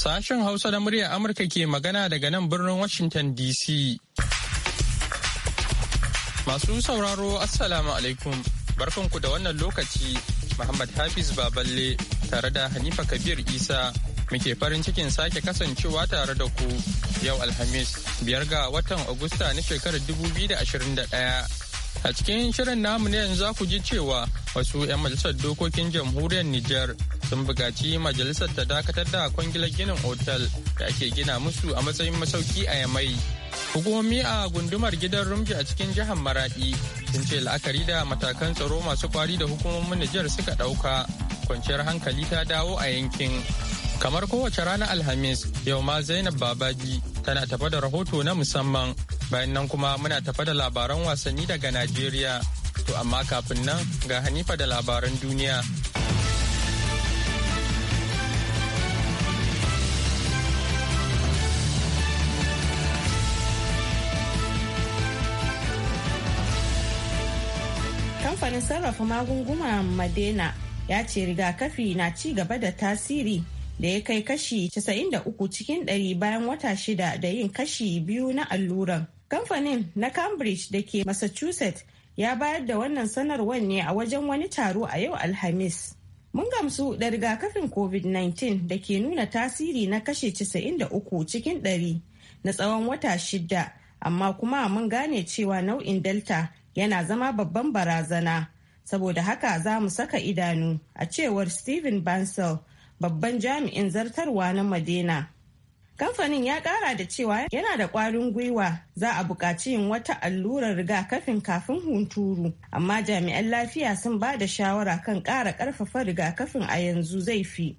Sashen Hausa da muryar Amurka ke magana daga nan birnin Washington DC. Masu sauraro Assalamu alaikum barkanku da wannan lokaci Muhammad Hafiz Baballe tare da Hanifa Kabir Isa muke farin cikin sake kasancewa tare da ku yau Alhamis biyar ga watan Agusta na shekarar 2021. A cikin shirin namu na yanzu ku ji cewa wasu 'yan majalisar dokokin jamhuriyar Nijar sun bugaci majalisar ta dakatar da kwangilar ginin otal da ake gina musu a matsayin masauki a yamai hukumomi a gundumar gidan rumji a cikin jihar maradi sun ce la'akari da matakan tsaro masu kwari da hukumomin nijar suka ɗauka kwanciyar hankali ta dawo a yankin kamar kowace rana alhamis yau ma zainab babaji tana tafa da rahoto na musamman bayan nan kuma muna tafa da labaran wasanni daga najeriya to amma kafin nan ga hanifa da labaran duniya kamfanin sarrafa magunguna madena ya ce rigakafi na ci gaba da tasiri da ya kai kashi 93 cikin 100 bayan wata shida da yin kashi biyu na alluran kamfanin na cambridge da ke massachusetts ya bayar da wannan sanarwar ne a wajen wani taro a yau alhamis mun gamsu da rigakafin covid-19 da ke nuna tasiri na kashe 93 cikin 100 na tsawon wata shida amma kuma mun gane cewa nau'in delta yana zama babban barazana saboda haka za mu saka idanu a cewar Stephen bansel babban jami'in zartarwa na Madena. Kamfanin ya kara da cewa yana da kwarin gwiwa za a buƙaci yin wata allurar rigakafin kafin hunturu, amma jami'an lafiya sun ba da shawara kan ƙara ƙarfafa rigakafin a yanzu zai fi.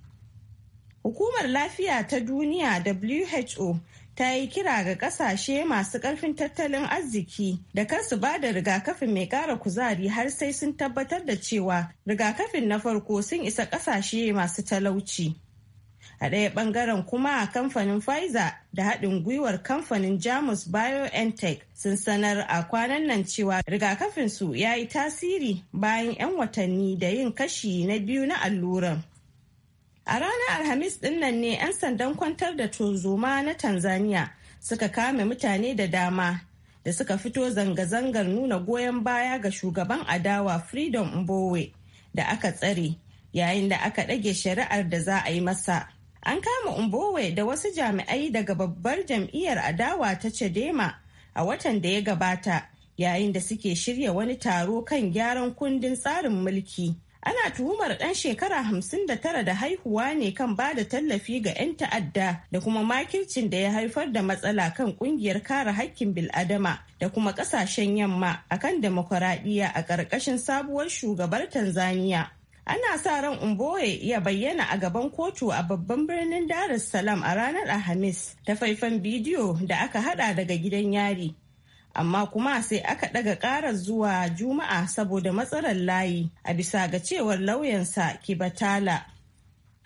Hukumar lafiya ta duniya WHO ta yi kira ga kasashe masu karfin tattalin arziki da kar su ba da rigakafin mai kara kuzari har sai sun tabbatar da cewa rigakafin na farko sun isa kasashe masu talauci. A ɗaya ɓangaren kuma kamfanin Pfizer da haɗin gwiwar kamfanin Jamus BioNTech sun sanar a kwanan nan cewa rigakafinsu ya yi tasiri bayan 'yan watanni da yin kashi na biyu na alluran. A ranar Alhamis dinnan ne 'yan sandan kwantar da tozoma na Tanzania suka kame mutane da dama da suka fito zanga-zangar nuna goyon baya ga shugaban adawa Freedom Mbowe da aka tsare yayin da aka ɗage shari'ar da za a yi masa. An kama Mbowe da wasu jami'ai daga babbar jam'iyyar adawa ta Chadema a watan da ya gabata yayin da suke shirya wani taro kan gyaran kundin tsarin mulki. ana tuhumar ɗan shekara hamsin da tara da haihuwa ne kan ba da tallafi ga 'yan ta'adda da kuma makircin da ya haifar da matsala kan ƙungiyar kare hakkin bil'adama da kuma ƙasashen yamma a kan demokuraɗiyya a ƙarƙashin sabuwar shugabar tanzania ana sa ran umboye ya bayyana a gaban kotu a babban birnin dar es salaam a ranar alhamis ta faifan bidiyo da aka hada daga gidan yari amma kuma sai aka ɗaga ƙarar zuwa juma'a saboda matsalar layi a bisa ga cewar lauyansa batala.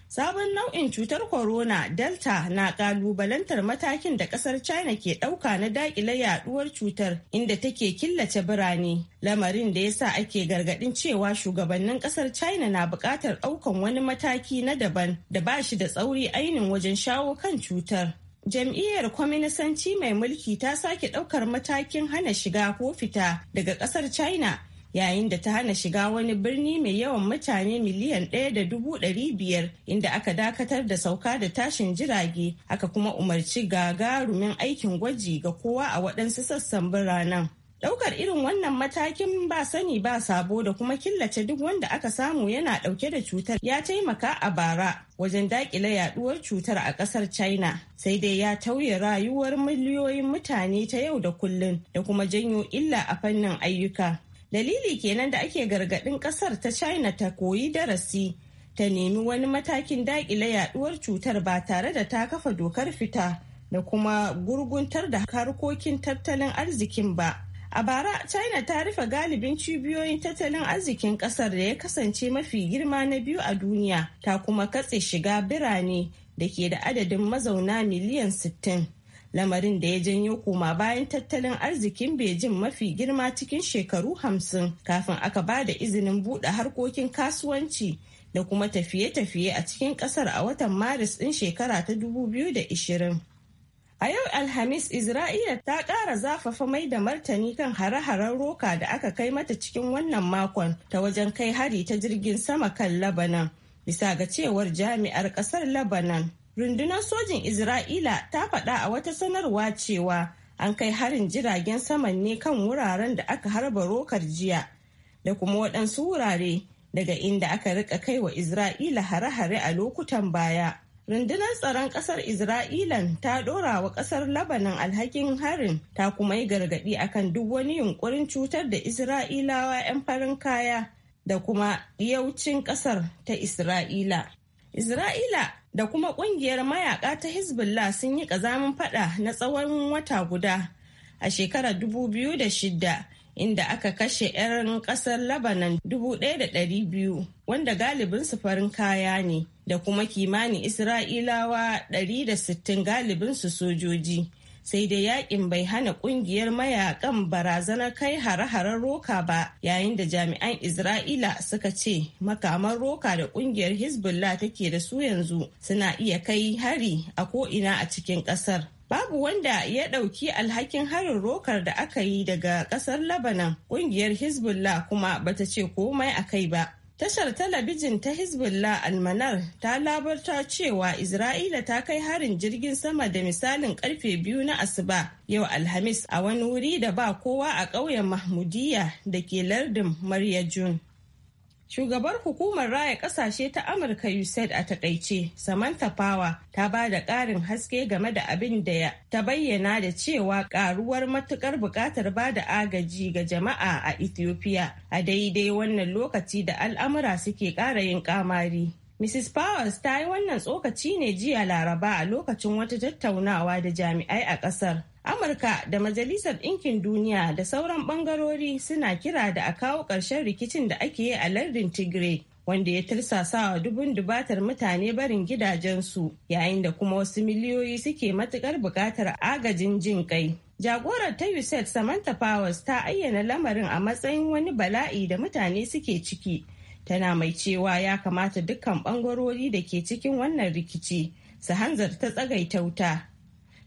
sabon nau'in cutar corona delta na kalubalantar matakin da kasar china ke ɗauka na daƙile yaduwar cutar inda take killace birane lamarin da yasa ake gargadin cewa shugabannin kasar china na buƙatar ɗaukan wani mataki na daban da bashi da tsauri ainin wajen shawo kan cutar jam'iyyar kwaminisanci mai mulki ta sake ɗaukar matakin hana shiga ko fita daga ƙasar china yayin da ta hana shiga wani birni mai yawan mutane miliyan ɗaya da dubu ɗari biyar inda aka dakatar da sauka da tashin jirage aka kuma umarci gagarumin aikin gwaji ga kowa a waɗansu sassan biranen Daukar irin wannan matakin ba sani ba sabo da kuma killace duk wanda aka samu yana dauke da cutar ya taimaka a bara wajen dakile yaduwar cutar a kasar China sai dai ya tauye rayuwar miliyoyin mutane ta yau da kullun da kuma janyo illa a fannin ayyuka. Dalili kenan da ake gargadin kasar ta China ta koyi darasi ta nemi wani matakin dakile yaduwar cutar ba tare da ta kafa dokar fita da kuma gurguntar da harkokin tattalin arzikin ba. A bara, China ta rufe galibin cibiyoyin tattalin arzikin kasar da ya kasance mafi girma na biyu a duniya, ta kuma katse shiga birane da ke da adadin mazauna miliyan 60. Lamarin da ya janyo koma bayan tattalin arzikin Bejin mafi girma cikin shekaru 50 kafin aka ba da izinin buɗe harkokin kasuwanci da kuma tafiye-tafiye a cikin ƙasar a watan Maris ɗin shekara ta 2020. A yau Alhamis Isra'ila ta ƙara zafafa mai da martani kan hare-haren roka da aka kai mata cikin wannan makon ta wajen kai hari ta jirgin sama kan Labanan. Bisa ga cewar jami'ar ƙasar Labanan, rundunar sojin Isra'ila ta faɗa a wata sanarwa cewa an kai harin jiragen saman ne kan wuraren da aka harba rokar jiya da kuma waɗansu wurare daga inda aka rika kai wa Isra'ila hare-hare a lokutan baya. Rundunar tsaron ƙasar Isra'ilan ta ɗora wa ƙasar Labanan alhakin harin ta kuma yi gargadi akan duk wani yunkurin cutar da Isra'ilawa 'yan farin kaya da kuma yaucin ƙasar ta Isra'ila. Isra'ila da kuma ƙungiyar mayaka ta Hezbollah sun yi ƙazamin faɗa na tsawon wata guda a shekarar 2006 inda aka kashe 'yan kasar Lebanon 1,200 wanda galibin farin kaya ne da kuma kimanin Isra'ilawa 160 galibin su sojoji. Sai dai yakin bai hana kungiyar mayakan barazanar kai hare-haren roka ba yayin da jami'an Isra'ila suka ce makamar roka da kungiyar Hezbollah take da su yanzu suna iya kai hari a ko'ina a cikin kasar. babu wanda ya ɗauki alhakin harin rokar da aka yi daga ƙasar labanan ƙungiyar hezbollah kuma bata ce komai a kai ba tashar talabijin ta hezbollah almanar ta labarta cewa isra'ila ta kai harin jirgin sama da misalin karfe biyu na asuba yau alhamis a wani wuri da ba kowa a ƙauyen Mahmudiyya da ke lardin maryajun Shugabar hukumar raya kasashe ta Amurka USAID a taƙaice, Samantha Power ta ba da ƙarin haske game da abin da ya ta bayyana da cewa ƙaruwar matukar buƙatar ba da agaji ga jama'a a Ethiopia a daidai wannan lokaci da al'amura suke ƙara yin ƙamari. Mrs. Powers ta yi wannan tsokaci ne jiya Laraba a lokacin wata tattaunawa da jami'ai a ƙasar. Amurka da Majalisar Ɗinkin Duniya da sauran ɓangarori suna kira da a kawo ƙarshen rikicin da ake yi a lardin Tigray. wanda ya tursasa wa dubun dubatar mutane barin gidajensu yayin da kuma wasu miliyoyi suke matukar buƙatar agajin jin kai. Jagorar ta USAID Samantha Powers ta ayyana lamarin a matsayin wani bala'i da mutane suke ciki. Tana mai cewa ya kamata dukkan bangarori da ke cikin wannan rikici su hanzarta tsagaita wuta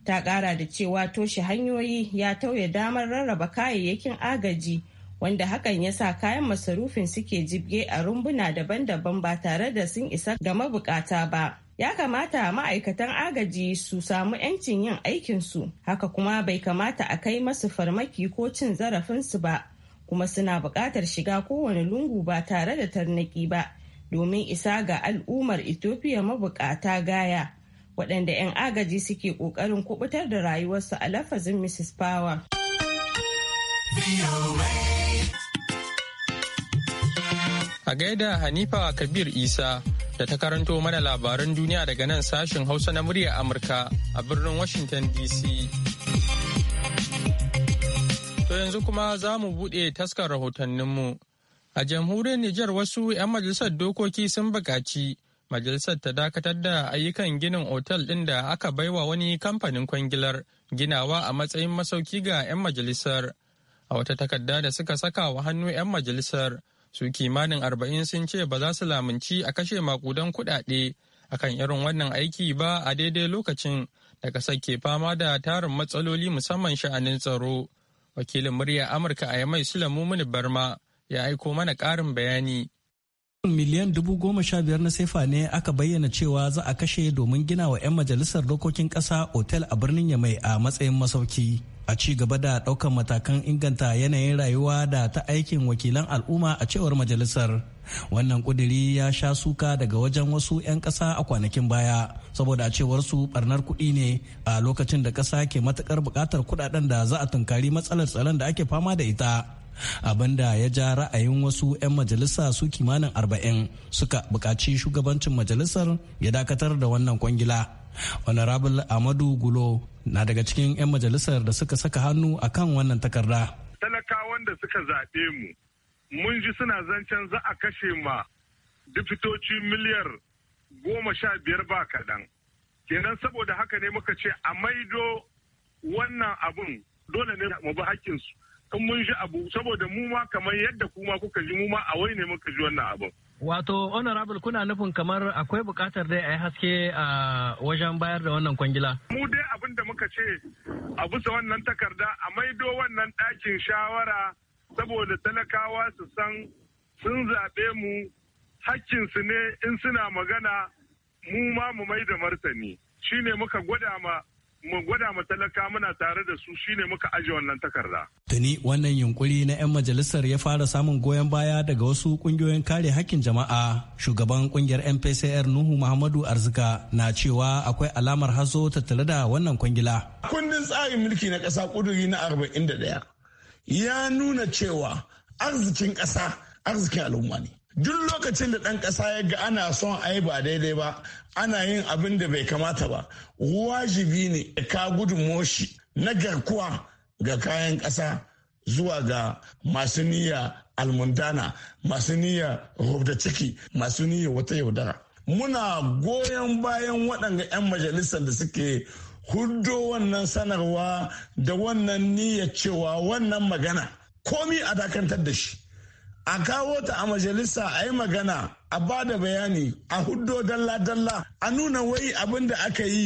ta kara da cewa toshe hanyoyi ya tauye damar rarraba kayayyakin agaji wanda hakan ya sa kayan masarufin suke jibge a rumbuna daban-daban ba tare da sun isa ga mabukata ba ya kamata ma'aikatan agaji su samu 'yancin yin aikinsu haka kuma bai kamata a kai masu farmaki ko cin zarafinsu ba kuma suna buƙatar shiga kowane lungu ba tare da tarnaki ba domin isa ga al'ummar ethiopia mabukata gaya waɗanda 'yan agaji suke ƙoƙarin kubutar da rayuwarsu a lafazin Mrs. Power. A gaida Hanifa Kabir Isa da ta karanto mana labaran duniya daga nan sashen Hausa na murya Amurka a birnin Washington DC. To yanzu kuma za mu buɗe taskar rahotanninmu. A jamhuriyar Nijar wasu 'yan majalisar dokoki sun buƙaci majalisar ta dakatar da ayyukan ginin otal ɗin da aka baiwa wani kamfanin kwangilar ginawa a matsayin masauki ga 'yan majalisar a wata takarda da suka saka wa hannu 'yan majalisar su kimanin arba'in sun ce ba za su lamunci a kashe makudan kuɗaɗe akan irin wannan aiki ba a daidai lokacin da ƙasar ke fama da tarin matsaloli musamman sha'anin tsaro wakilin murya amurka a yamai sulamu mini barma ya aiko mana ƙarin bayani miliyan dubu goma sha biyar na sefa ne aka bayyana cewa za a kashe domin gina wa 'yan majalisar dokokin ƙasa otel a birnin yamai a matsayin masauki a ci gaba da ɗaukar matakan inganta yanayin rayuwa da ta aikin wakilan al'umma a cewar majalisar wannan kuduri ya sha suka daga wajen wasu 'yan ƙasa a kwanakin baya saboda a cewar su barnar kuɗi ne a lokacin da ƙasa ke matukar buƙatar kuɗaɗen da za a tunkari matsalar tsaron da ake fama da ita abinda ya ja ra'ayin wasu 'yan majalisa su kimanin arba'in suka buƙaci shugabancin majalisar ya dakatar da wannan kwangila honorable amadu gulo na daga cikin 'yan majalisar da suka saka hannu a kan wannan takarda talakawan da suka zaɓe mu mun ji suna zancen za a kashe ma difitoci miliyar goma sha biyar ba kaɗan kenan saboda haka ne muka ce a maido wannan abun dole ne mu bi haƙƙinsu in mun shi abu saboda mu ma kamar yadda kuma kuka ji mu ma a wai ne muka ji wannan abin. Wato honorable kuna nufin kamar akwai bukatar dai a yi haske a wajen bayar da wannan kwangila. Mu dai abin da muka ce a bisa wannan takarda a maido wannan ɗakin shawara saboda talakawa su san sun zaɓe mu hakkinsu ne in suna magana mu ma mu mai da martani. Shine muka gwada ma mu gwada matalaka talaka muna tare da su shine muka aje wannan takarda. Tuni wannan yunkuri na 'yan majalisar ya fara samun goyon baya daga wasu kungiyoyin kare hakkin jama'a. Shugaban kungiyar MPCR Nuhu Muhammadu Arzika na cewa akwai alamar hazo tattare da wannan kwangila. Kundin tsarin mulki na ƙasa kuduri na arba'in da 41 ya nuna cewa arzikin ƙasa arzikin al'umma ne. duk lokacin da ɗan ƙasa ya ga ana son a ba daidai ba ana yin abin da bai kamata ba wajibi ne ka gudun shi na garkuwa ga kayan ƙasa zuwa ga masu niyya almundana masu niyya rubda ciki masu niyya wata yaudara muna goyon bayan waɗanda 'yan majalisar da suke huddo wannan sanarwa da wannan niyyar cewa wannan magana komi a dakantar da shi a kawo ta a majalisa a yi magana a ba da bayani a huddo dalla-dalla a nuna wai abin da aka yi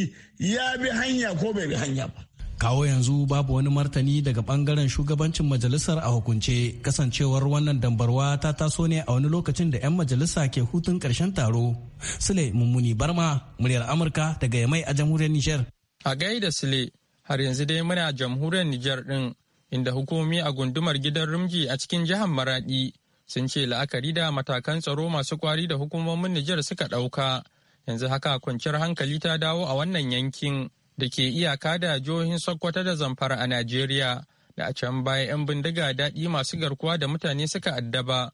ya bi hanya ko bai bi hanya ba. kawo yanzu babu wani martani daga bangaren shugabancin majalisar a hukunce kasancewar wannan dambarwa ta taso ne a wani lokacin da 'yan majalisa ke hutun karshen taro sule mummuni barma muryar amurka daga yamai a jamhuriyar nijar a gaida sule har yanzu dai muna jamhuriyar nijar din inda hukumomi a gundumar gidan rumji a cikin jihar maradi sun ce la'akari da matakan tsaro masu kwari da hukumomin Nijar suka ɗauka yanzu haka kwanciyar hankali ta dawo a wannan yankin da ke iyaka da jihohin Sokoto da Zamfara a Najeriya da a can baya 'yan bindiga daɗi masu garkuwa da mutane suka addaba.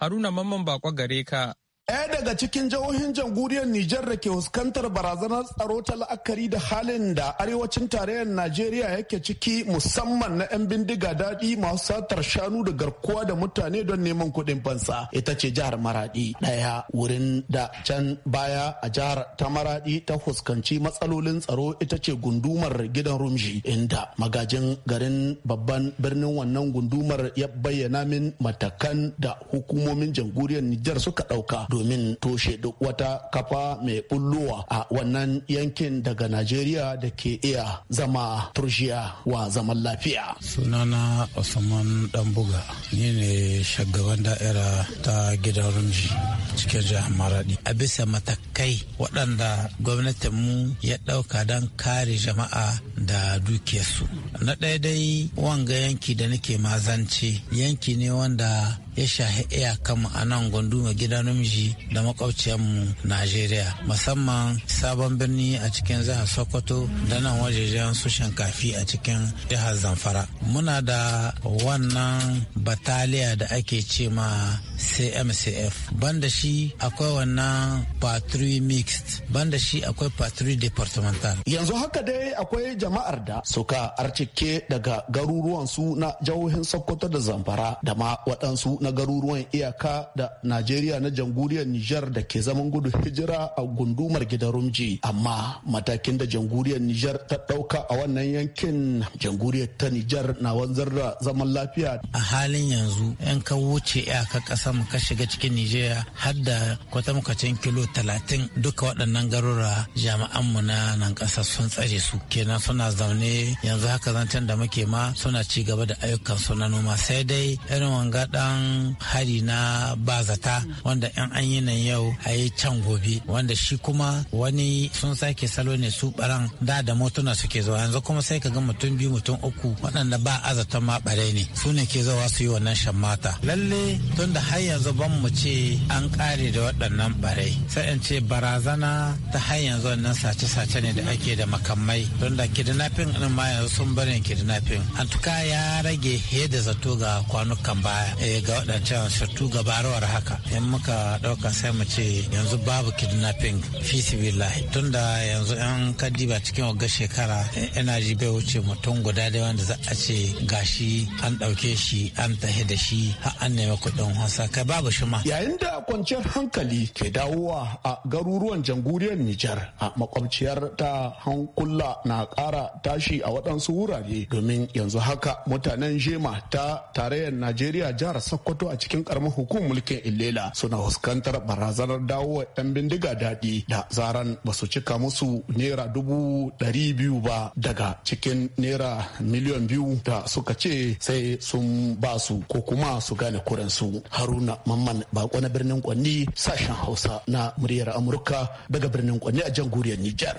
Haruna Mamman baƙo gare ka Ɗaya daga cikin jihohin jamhuriyar Nijar da ke fuskantar barazanar tsaro ta la'akari da halin da arewacin tarayyar Najeriya yake ciki musamman na 'yan bindiga daɗi masu satar shanu da garkuwa da mutane don neman kuɗin fansa ita ce jihar Maradi. Ɗaya wurin da can baya a jihar ta Maradi ta fuskanci matsalolin tsaro ita ce gundumar gidan Rumji inda magajin garin babban birnin wannan gundumar ya bayyana min matakan da hukumomin jamhuriyar Nijar suka ɗauka. domin toshe duk wata kafa mai bulluwa a wannan yankin daga najeriya da ke iya zama turjiya wa zaman lafiya sunana usman danbuga ni ne shagaban da'ira ta gidan rumji cikin jihar maradi a bisa matakai waɗanda gwamnatinmu ya ɗauka don kare jama'a da dukiyarsu na ɗaya dai wanga yanki da nake mazance yanki ne wanda ya shahi iyakanmu a nan gunduma gida namiji da makwabciyarmu najeriya musamman sabon birni a cikin jihar sokoto da nan wajejen su shinkafi a cikin jihar zamfara muna da wannan bataliya da ake ce ma cmcf banda shi akwai wannan patrui mixed banda shi akwai patrui departmental yanzu haka dai akwai jama'ar da suka arcike daga garuruwan su na jihohin sokoto da zamfara da ma waɗansu na garuruwan iyaka da Najeriya na jamhuriyar Nijar da ke zaman gudu hijira a gundumar gidan Rumji. Amma matakin da jamhuriyar Nijar ta ɗauka a wannan yankin jamhuriyar ta Nijar na wanzar da zaman lafiya. A halin yanzu yan ka wuce iyaka ƙasa mu ka shiga cikin Nijeriya har da kwatankwacin kilo talatin duka waɗannan garura jami'an mu na nan ƙasa sun tsare su kenan suna zaune yanzu haka zancen da muke ma suna ci gaba da ayyukan su na noma sai dai irin wanga dan. hari na bazata wanda yan an yi nan yau a yi can gobe wanda shi kuma wani sun sake salo ne su baran da da motuna suke zuwa yanzu kuma sai ka ga mutum biyu mutum uku waɗanda ba azatan ma bare ne su ne ke zawa su yi wannan shammata lalle tun har yanzu ban mu ce an kare da waɗannan barai sai in ce barazana ta har yanzu wannan sace-sace ne da ake da makamai tunda da kidnapping din ma yanzu sun barin kidnapping an tuka ya rage da zato ga kwanukan baya eh, ga waɗancan surtu gabarawar haka in muka ɗauka sai mu ce yanzu babu kidnapping fi sibillahi tun da yanzu yan kadiba cikin wagga shekara ina ji bai wuce mutum guda da wanda za a ce gashi an ɗauke shi an tahi da shi har an nemi kuɗin wasa kai babu shi ma. yayin da kwanciyar hankali ke dawowa a garuruwan jamhuriyar nijar a makwabciyar ta hankula na kara tashi a waɗansu wurare domin yanzu haka mutanen jema ta tarayyar najeriya jihar sokoto sokoto a cikin karamin hukumar mulkin illela suna fuskantar barazanar dawo yan bindiga daɗi da zaran ba su cika musu naira dubu ɗari biyu ba daga cikin naira miliyan biyu da suka ce sai sun ba su ko kuma su gane kuransu haruna mamman bako na birnin kwanni sashen hausa na muryar amurka daga birnin kwanni a jamhuriyar nijar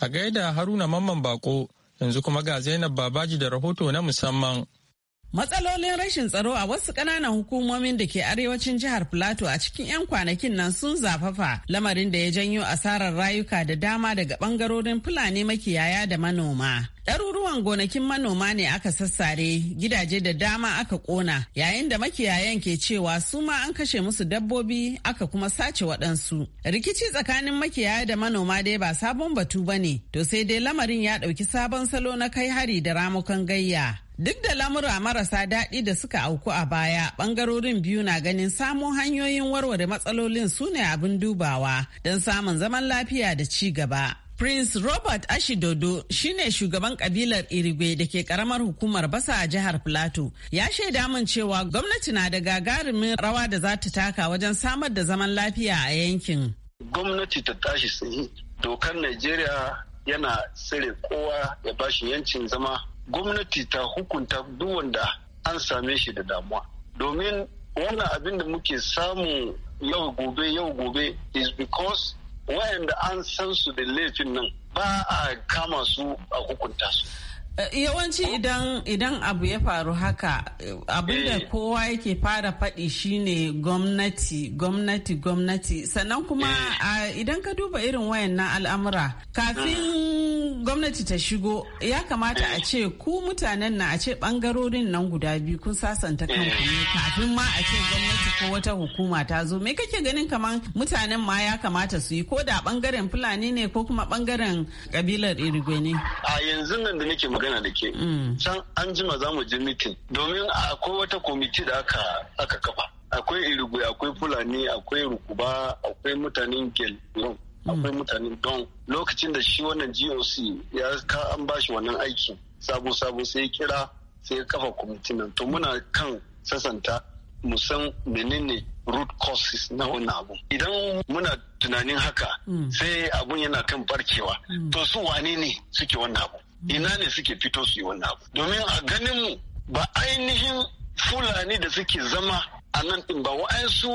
a gaida haruna mamman bako yanzu kuma ga zainab babaji da rahoto na musamman Matsalolin rashin tsaro a wasu ƙananan hukumomin da ke arewacin jihar Plateau a cikin 'yan kwanakin nan sun zafafa lamarin da ya janyo asarar rayuka da dama daga ɓangarorin Fulani makiyaya da manoma. Ɗaruruwan gonakin manoma ne aka sassare, gidaje da dama aka ƙona, yayin da makiyayan ke cewa su ma an kashe musu dabbobi aka kuma sace waɗansu. Rikici tsakanin makiyaya da manoma dai ba sabon batu ba ne, to sai dai lamarin ya ɗauki sabon salo na kai hari da ramukan gayya. Duk da lamura marasa daɗi da suka auku a baya, ɓangarorin biyu na ganin samo hanyoyin warware matsalolin su ne abin dubawa don samun zaman lafiya da ci gaba. Prince Robert Ashidodo shine shugaban kabilar Irigwe da ke karamar hukumar Basa a jihar Plateau. Ya shaida min cewa gwamnati na da gagarumin rawa da za ta taka wajen samar da zaman lafiya a yankin. Gwamnati ta tashi tsaye. Dokar Najeriya yana tsire kowa ya bashi yancin zama gwamnati ta hukunta duk wanda an same shi da damuwa domin wannan abin da muke samu yau gobe yau gobe is because wayanda an san su da laifin nan ba a kama su a hukunta su Eh, yawanci idan abu ya faru haka eh, abinda eh. kowa yake fara faɗi shine gwamnati gwamnati gwamnati sannan kuma idan ka duba irin wayannan al'amura kafin hmm. gwamnati ta shigo ya kamata a ce ku mutanen na a ce ɓangarorin nan guda biyu kun sasanta kanku ne kafin ma a ce gwamnati ko wata hukuma ta zo me kake ganin kamar mutanen ma ya kamata su yi ko da ɓangaren fulani ne ko kuma ɓangaren kabilar irigwe ne nan da nake magana da ke mm. can an jima za mu je mitin domin akwai wata komiti da aka kafa akwai irigwe akwai fulani akwai rukuba akwai mutanen gel mm. akwai mutanen don lokacin da shi wannan goc ya ka an bashi wannan aiki sabo sabo sai kira sai kafa kwamitin nan to muna kan sasanta mu san menene root causes na wannan abu idan muna tunanin haka mm. sai abun yana kan barkewa to su wane ne suke wannan abu ina ne suke fito su yi wannan abu domin a ganin mu ba ainihin fulani da suke zama a nan ɗin ba wa'ansu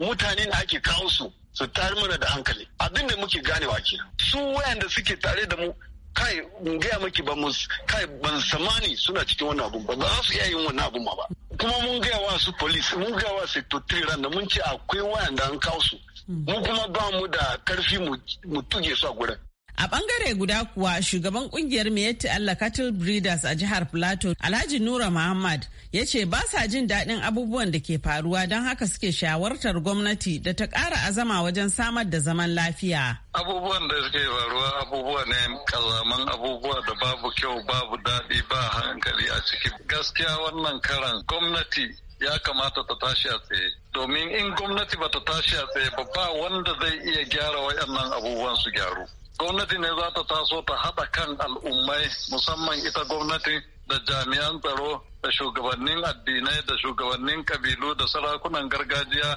mutane da ake kawo su su tare mana da hankali abin da muke ganewa ke su wayanda suke tare da mu kai gaya maki ba mu kai ban samani suna cikin wannan abu ba za su iya yin wannan abu ma ba kuma mun gaya wa su police mun gaya wa su 3 ran da mun ce akwai wayanda an kawo su mu kuma ba mu da karfi mu tuge su a gurin A bangare guda kuwa shugaban kungiyar Miyetti Allah Cattle Breeders a jihar Plateau Alhaji Nura Muhammad ya ce ba sa jin daɗin abubuwan da ke faruwa don haka suke shawartar gwamnati da ta ƙara azama wajen samar da zaman lafiya. Abubuwan da suke faruwa abubuwa ne kazaman abubuwa da babu kyau babu daɗi ba hankali a ciki. Gaskiya wannan karan gwamnati ya kamata ta tashi a tsaye domin in gwamnati ba ta tashi a tsaye ba ba wanda zai iya gyara waɗannan abubuwan su gyaru. gwamnati ne za ta taso ta haɗa kan al'ummai musamman ita gwamnati da jami'an tsaro da shugabannin addinai da shugabannin kabilu da sarakunan gargajiya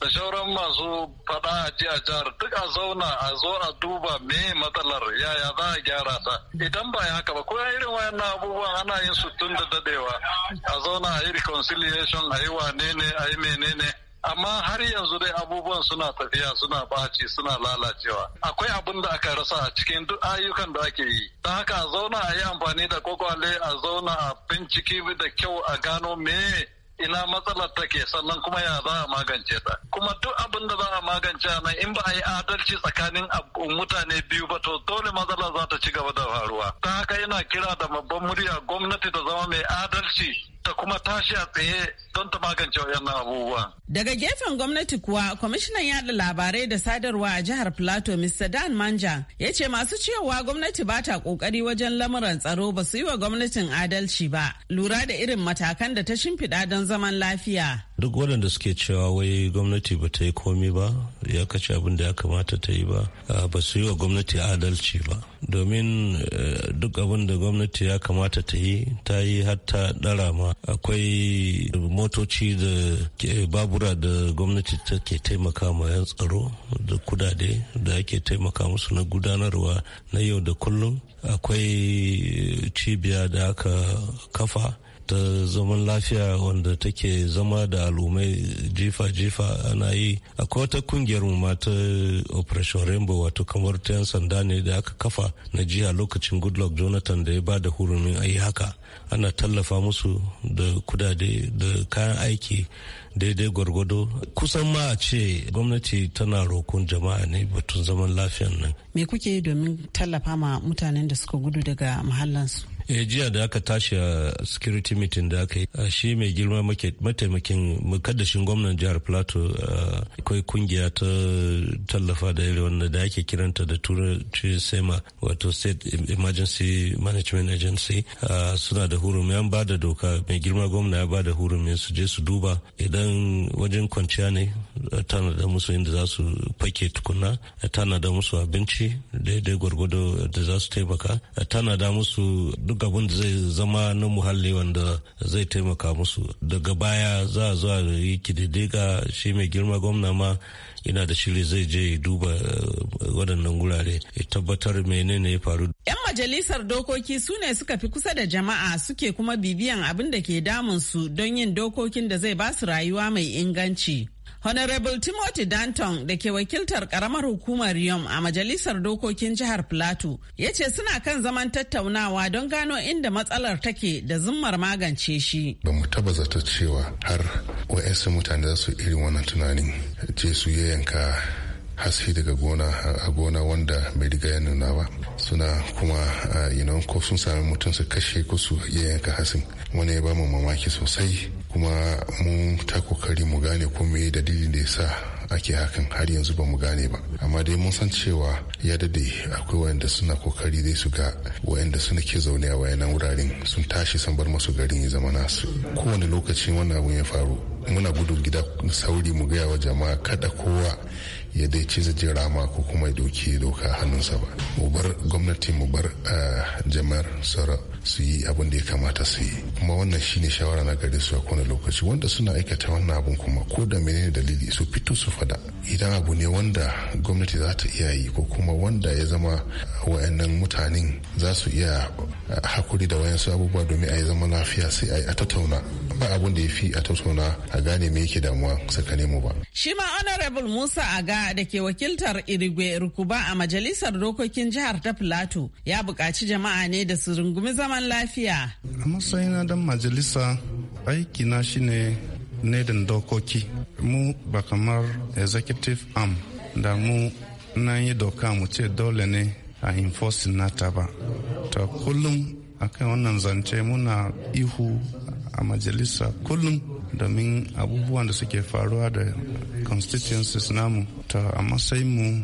da shauran masu faɗa a ji a jihar duk a zauna a zo a duba me matsalar yaya za a gyara ta idan ba haka ba ko irin wayanna abubuwan ana yin su tun da dadewa a zauna a yi reconciliation a yi wane ne a yi menene amma har yanzu dai abubuwan suna tafiya suna baci suna lalacewa akwai abin da aka rasa a cikin duk ayyukan da ake yi don haka a zauna a yi amfani da kwakwale a zauna a binciki da kyau a gano me ina matsalar take sannan kuma ya za a magance ta kuma duk abin da za a magance na, in ba a yi adalci tsakanin mutane biyu ba to dole matsalar za ta ci gaba da faruwa ta haka yana kira da babban murya gwamnati ta zama mai adalci ta kuma tashi a tsaye don ta magance wayannan abubuwa. Daga gefen gwamnati kuwa, kwamishinan yada labarai da sadarwa a jihar Plateau, Mr. Dan Manja, ya ce masu cewa gwamnati ba ta kokari wajen lamuran tsaro ba su yi wa gwamnatin adalci ba, lura da irin matakan da ta shimfiɗa don zaman lafiya. Duk waɗanda suke cewa wai gwamnati ba ta yi komi ba, kace abin da ya kamata ta yi ba ba su yi wa gwamnati adalci ba domin eh, duk abin da gwamnati ya kamata ta yi ta yi hatta dara ma akwai motoci da babura da gwamnati take taimaka ma yan tsaro da kudade da ake taimaka musu na gudanarwa na yau da kullum akwai cibiya da aka kafa ta zaman lafiya wanda take zama da al'ummai jifa-jifa ana yi akwai wata kungiyar mu ma ta operation rainbow wato kamar ta yan sanda ne da aka kafa na jiya lokacin goodluck jonathan da ya ba da hurumin ayi haka ana tallafa musu da kudade da kayan aiki daidai gwargwado kusan ma a ce gwamnati tana rokon jama'a ne batun zaman lafiyan nan me kuke domin tallafa ma mutanen da suka gudu daga mahallansu eh jiya da aka tashi a security meeting da aka yi a shi mai girma mataimakin mukaddashin gwamnan jihar plateau eh, akwai kungiya ta tallafa da irin wanda da ake kiranta da turanci sema wato state emergency management agency eh, suna da hurumi an ba da doka mai girma gwamna ya ba da hurumi su je su duba idan wajen kwanciya ne tana da musu inda za su fake tukuna tana da musu abinci daidai gwargwado da za su taimaka tana da musu duk abin da zai zama na muhalli wanda zai taimaka musu daga baya za a zuwa yi kididdiga shi mai girma gwamna ma yana da shiri zai je duba eh, waɗannan gurare ya tabbatar menene ya faru. 'Yan majalisar dokoki su ne suka fi kusa da jama'a suke kuma bibiyan abin da ke damun su don yin dokokin da zai ba su rayuwa mai inganci. Honorable Timothy Danton da ke wakiltar karamar hukumar Yom a majalisar dokokin jihar Plateau ya ce suna kan zaman tattaunawa don gano inda matsalar take da zummar magance shi. Ba mu taba zata cewa har wa'yansu mutane za su irin wannan tunanin ce su yanka haske daga gona a gona wanda bai riga ya nuna ba suna kuma yanayin ko sun sami mutum su kashe ko su iya yanka hasin wani ya bamu mamaki sosai kuma mu ta kokari mu gane ko me dalilin da ya sa ake hakan har yanzu ba mu gane ba amma dai mun san cewa ya dade akwai wayanda suna kokari dai su ga wayanda suna ke zaune a wayanan wuraren sun tashi sun bar masu garin ya zama nasu kowane lokaci wannan abun ya faru muna gudun gida sauri mu gaya wa jama'a kada kowa ya dai ci zai rama ko kuma ya doki doka hannunsa ba mu bar gwamnati mu bar eh, jama'ar tsaro su yi abin da ya kamata su yi kuma wannan shine shawara na gare su a kowane lokaci wanda suna aikata wannan abun kuma ko da menene dalili su fito su fada idan abu ne wanda gwamnati za ta iya yi ko kuma wanda ya zama wayannan mutanen za su iya eh, hakuri da wayansu abubuwa domin a yi zama lafiya sai a tattauna ba abun da ya fi a tattauna a gane me yake damuwa tsakanin mu ba. Shi ma Honorable Musa Aga da ke wakiltar Irigwe Rukuba a Majalisar Dokokin Jihar ta Filato ya buƙaci jama'a ne da su rungumi zaman lafiya. A matsayina dan majalisa aikina shine da dokoki mu ba kamar executive arm da mu na yi doka mu ce dole ne a enforce nata ba ta kullum akan wannan zance muna ihu a majalisa kullum domin abubuwan da suke faruwa da constituencies namu ta a mu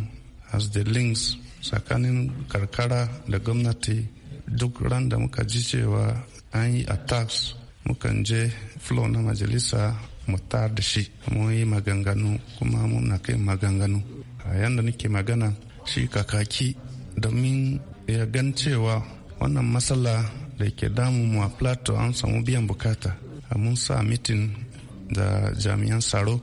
as the links tsakanin karkara da gwamnati duk ran da muka ji cewa an yi attacks muka je flow na majalisa mu tar da shi mu yi maganganu kuma muna kai maganganu a yadda nake magana shi kakaki domin ya gan cewa wannan matsala da ke damun mu a plateau an samu biyan bukata mun sa mitin da jami'an tsaro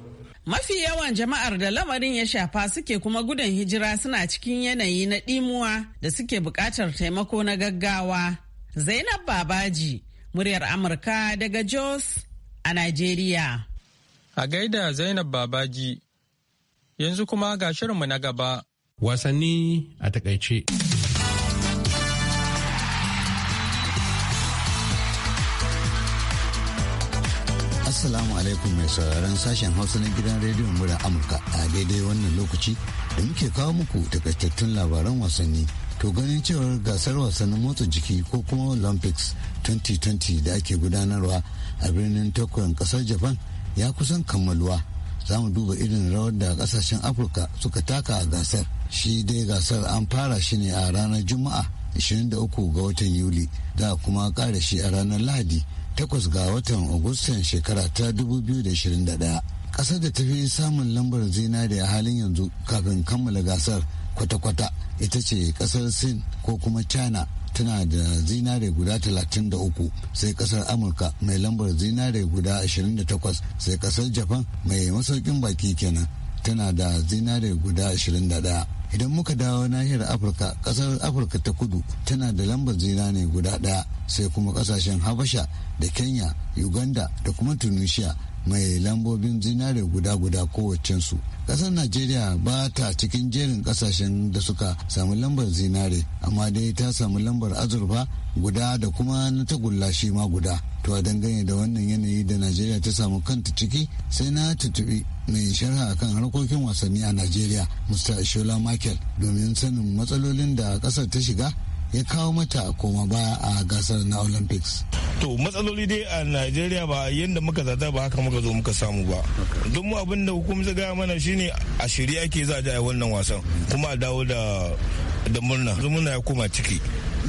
Mafi yawan jama'ar da lamarin ya shafa suke kuma gudun hijira suna cikin yanayi na ɗimuwa da suke bukatar taimako na gaggawa. Zainab Babaji, muryar Amurka daga Jos a Najeriya. A gaida Zainab Babaji, yanzu kuma ga shirinmu na gaba. Wasanni a takaice. Assalamu alaikum mai sauraron sashen Hausa na gidan rediyon murar Amurka a daidai wannan lokaci da muke kawo muku takaitattun labaran wasanni to ganin cewar gasar wasannin motsa jiki ko kuma Olympics 2020 da ake gudanarwa a birnin Tokyo kasar Japan ya kusan kammaluwa za mu duba irin rawar da kasashen Afirka suka taka a gasar shi dai gasar an fara shi ne a ranar Juma'a 23 ga watan Yuli za kuma kare shi a ranar Lahadi takwas ga watan Agustan shekara ta 2021. Ƙasar da ta fi samun lambar zinari a halin yanzu kafin kammala gasar kwata-kwata ita ce ƙasar Sin ko kuma China tana da zinare guda 33 sai kasar amurka mai lambar zinare guda 28 sai kasar japan mai masaukin baki kenan tana da zinare guda 21 idan muka dawo nahiyar afirka kasar afirka ta kudu tana da lambar ne guda daya sai kuma kasashen habasha da kenya uganda da kuma tunisia mai lambobin zinare guda-guda kowace su ƙasar najeriya ba ta cikin jerin ƙasashen da suka samu lambar zinare amma dai ta samu lambar azurfa guda da kuma na tagulla shi ma guda to a dangane da wannan yanayi da najeriya ta samu kanta ciki sai na tutubi mai sharha kan harkokin wasanni a najeriya mr ishola michael domin sanin matsalolin da ƙasar ta shiga ya kawo mata koma baya a gasar na olympics to matsaloli dai a najeriya ba yadda muka zata ba haka muka zo muka samu ba don mu abin da hukumar gaya mana shine a shirye ake za a ji wannan wasan kuma a dawo da da murna murna ya koma ciki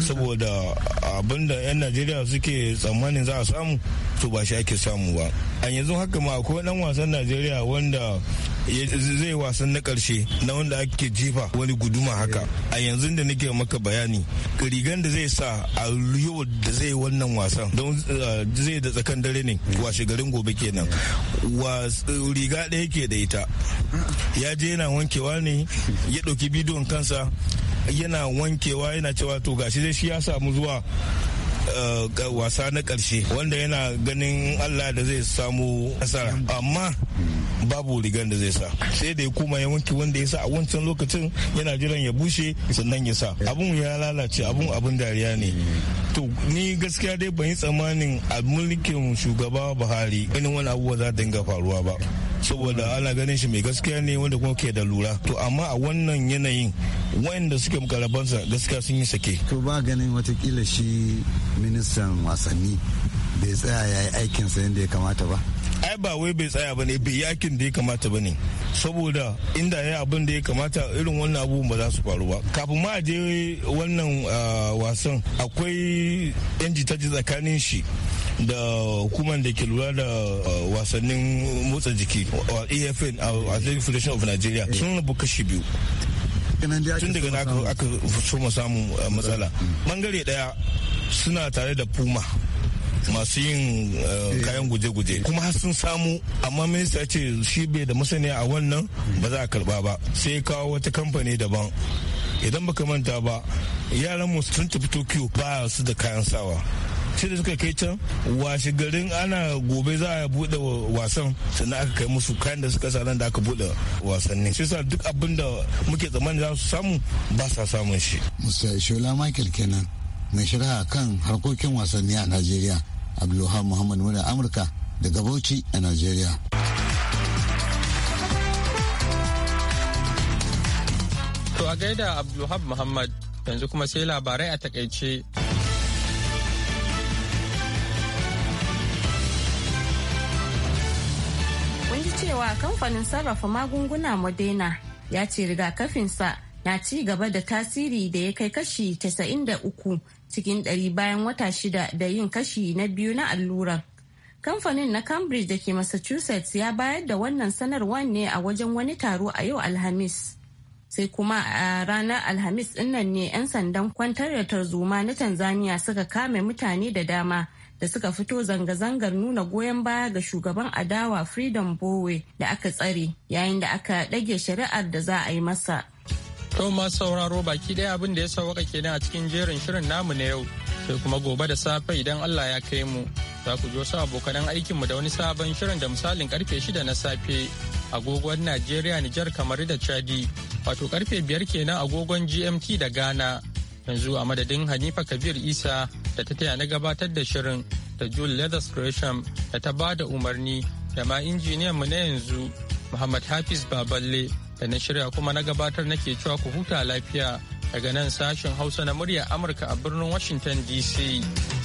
saboda abin da 'yan najeriya suke tsammanin za a samu to ba shi ake samu ba a yanzu haka ma akwai dan wasan najeriya wanda zai wasan na karshe na wanda ake jefa wani guduma haka a yanzu da nake maka bayani rigan da zai sa a yau da zai wannan wasan don eh, zai da tsakan dare ne washe garin gobe kenan riga ɗaya ke da ita ya je yana wankewa ne ya ɗauki bidiyon kansa yana wankewa yana cewa to gashi zai shi ya samu zuwa Eh, wasa na ƙarshe wanda yana ganin Allah da zai samu nasara amma babu rigar da zai sa sai da ya kuma ya wanke wanda ya sa a wancan lokacin yana jiran ya bushe sannan ya sa abun ya lalace abun abun dariya ne to ni gaskiya dai ban yi tsammanin a mulkin shugaba buhari ganin wani abubuwa za ta dinga faruwa ba saboda ana ganin shi mai gaskiya ne wanda kuma ke da lura to amma a wannan yanayin wayanda suke mukarabansa gaskiya sun yi sake to ba ganin watakila shi ministan wasanni bai tsaya ya yi aikinsa yadda ya kamata ba ai ba wai bai tsaya ba ne bai yakin da ya kamata ba ne saboda inda ya abin da ya kamata irin wannan abubuwan ba za su faru ba kafin ma je wannan ah, wasan akwai yan jitaji tsakanin shi da hukumar da ke lura da ah, wasannin motsa jiki efn ah, athletic federation of nigeria sun rabu kashi biyu tun daga na aka soma samun matsala bangare daya suna tare da puma masu yin eh, eh. kayan guje-guje kuma sun samu amma minista ce shi bai da masaniya a wannan ba za a karba ba sai kawo wata kamfani daban idan baka manta ba yaran mu sun tafi tokyo ba su da kayan sawa sai da suka kai can washe garin ana gobe za a bude wasan sannan aka kai musu kayan da suka sanar da aka bude wasanni sai sa duk abin da muke tsammani za su samu ba sa samun shi musa shola michael kenan mai shari'a kan harkokin wasanni a najeriya abdulwahab muhammad muna amurka daga bauchi a Najeriya. to a gaida abdulwahab muhammad yanzu kuma sai labarai a takaice cewa kamfanin sarrafa magunguna modena ya ce rigakafinsa na ci gaba da tasiri da ya kai kashi 93 cikin 100 bayan wata shida da yin kashi na biyu na allurar. Kamfanin na Cambridge da ke Massachusetts ya bayar da wannan sanarwar ne a wajen wani taro a yau Alhamis. Sai kuma a ranar Alhamis dinnan ne 'yan sandan kwantar da tarzoma na Tanzania suka kame mutane da dama da suka fito zanga-zangar nuna goyon baya ga shugaban adawa Freedom Bowe da aka tsare yayin da aka ɗage shari'ar da za a yi masa. To masu sauraro baki ɗaya abin da ya sauka kenan a cikin jerin shirin namu na yau sai kuma gobe da safe idan Allah ya kai mu za ku ji wasu abokan aikinmu da wani sabon shirin da misalin karfe shida na safe agogon Najeriya Nijar kamar da Chadi wato karfe biyar kenan agogon GMT da Ghana yanzu a madadin Hanifa Kabir Isa da ta taya na gabatar da shirin da Jule Leather Gresham da ta ba da umarni da ma injiniyan mu na yanzu Muhammad Hafiz Baballe da na shirya kuma na gabatar nake cewa ku huta lafiya daga nan sashen hausa na murya amurka a birnin washington dc